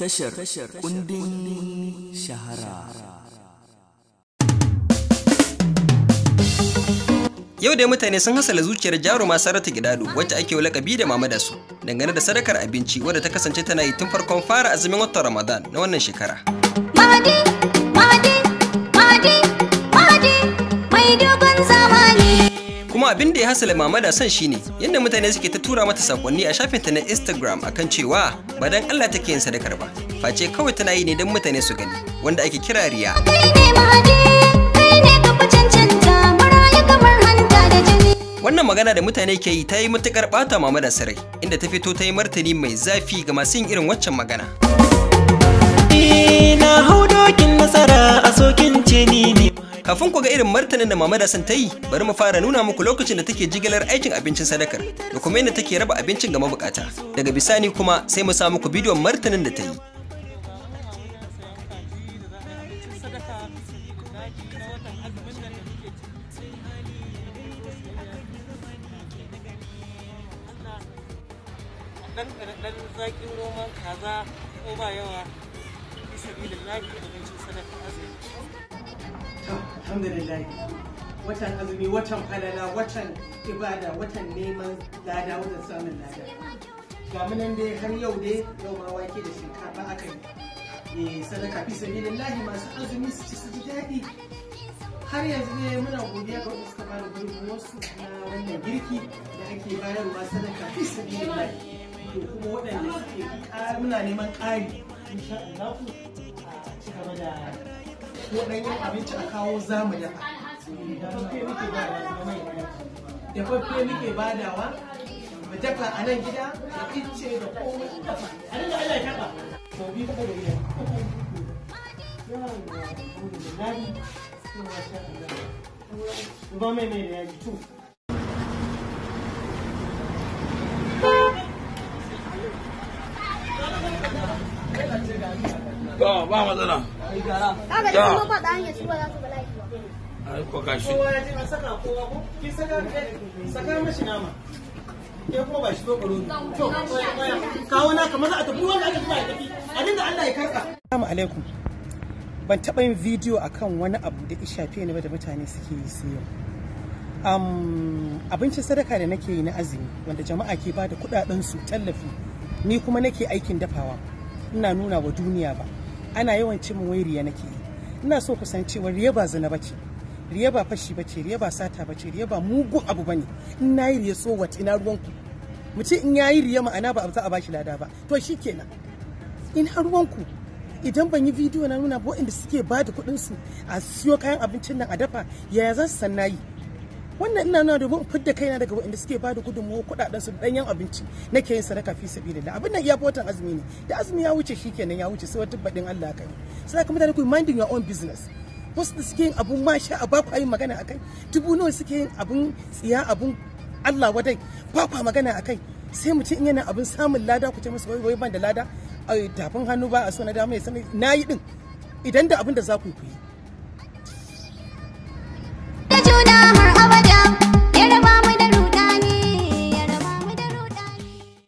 tashar kundin shahara yau dai mutane sun hasala zuciyar jaruma sarata gidado wacce ake wa lakabi da mama da su dangane da sadakar abinci wadda ta kasance tana yi tun farkon fara azumin watan ramadan na wannan shekara mahadi mahadi mahadi mahadi mai dogon abin da ya hasala mama da son shine yadda mutane suke ta tura mata sakonni a shafinta na Instagram akan cewa ba dan Allah take yin sadakar ba. Face kawai tana yi ne don mutane su gani wanda ake kira riya. Wannan magana da mutane ke yi ta yi matukar ɓata mama da sarai inda ta fito ta yi martani mai zafi ga masu yin irin waccan magana. Na hau dokin nasara Kafin ku ga irin martanin da Mama Dasan ta yi, bari mu fara nuna muku lokacin da take jigilar aikin abincin sadakar da kuma yadda take raba abincin ga mabukata. Daga bisani kuma sai mu sa muku bidiyon martanin da ta yi. dan zaƙin roman kaza ko ba yawa bisa da alhamdulillah watan azumi watan falala watan ibada watan neman lada wajen samun lada ga dai har yau dai yau ma wake da shinkafa aka yi sadaka fi sabilillahi masu azumi su ci su ji daɗi har yanzu ne muna godiya ga wanda suka bada wasu na wannan girki da ake bayarwa sadaka fi sabilillahi to kuma waɗanda suke muna neman ƙari insha Allah ku ci da ko ɗanyen abinci a kawo zamu dafa dafaffe muke badawa dafaffe badawa mu dafa a nan gida ice da komai dafa a nan da Allah ya bi da gida ba mai mai da tu ba matsala Assalamu alaikum. Ban taɓa yin bidiyo akan wani abu da isha ni ba da mutane suke yi su abincin sadaka da nake yi na azumi wanda jama'a ke ba da kudaden su tallafi ni kuma nake aikin dafawa ina nuna wa duniya ba ana yawan ci min wai riya nake ina so ku san cewa riya ba zina bace riya ba fashi bace riya ba sata bace riya ba mugun abu bane in nayi riya so what ina ruwan ku mu ce in yayi riya ma'ana ba za a bashi lada ba to shikenan ina ruwan ku idan ban yi bidiyo na nuna ba waɗanda suke ba da kuɗinsu a siyo kayan abincin nan a dafa yaya za su san nayi wannan ina na domin fidda kaina daga waɗanda suke ba da gudunmawa kuɗaɗen su ɗanyen abinci na ke yin sadaka fi sabili da abin nan iya watan azumi ne da azumi ya wuce shikenan ya wuce sai wata baɗin Allah kai sai kuma mutane ku minding your own business wasu da suke yin abun masha a baku ku magana akai dubu nawa suke yin abun tsiya abun Allah wadai baku magana akai sai mutum in yana abin samun lada ku ce musu wai wai ban da lada a tafin hannu ba a so na dama ya sani na yi din idan da abin da za ku yi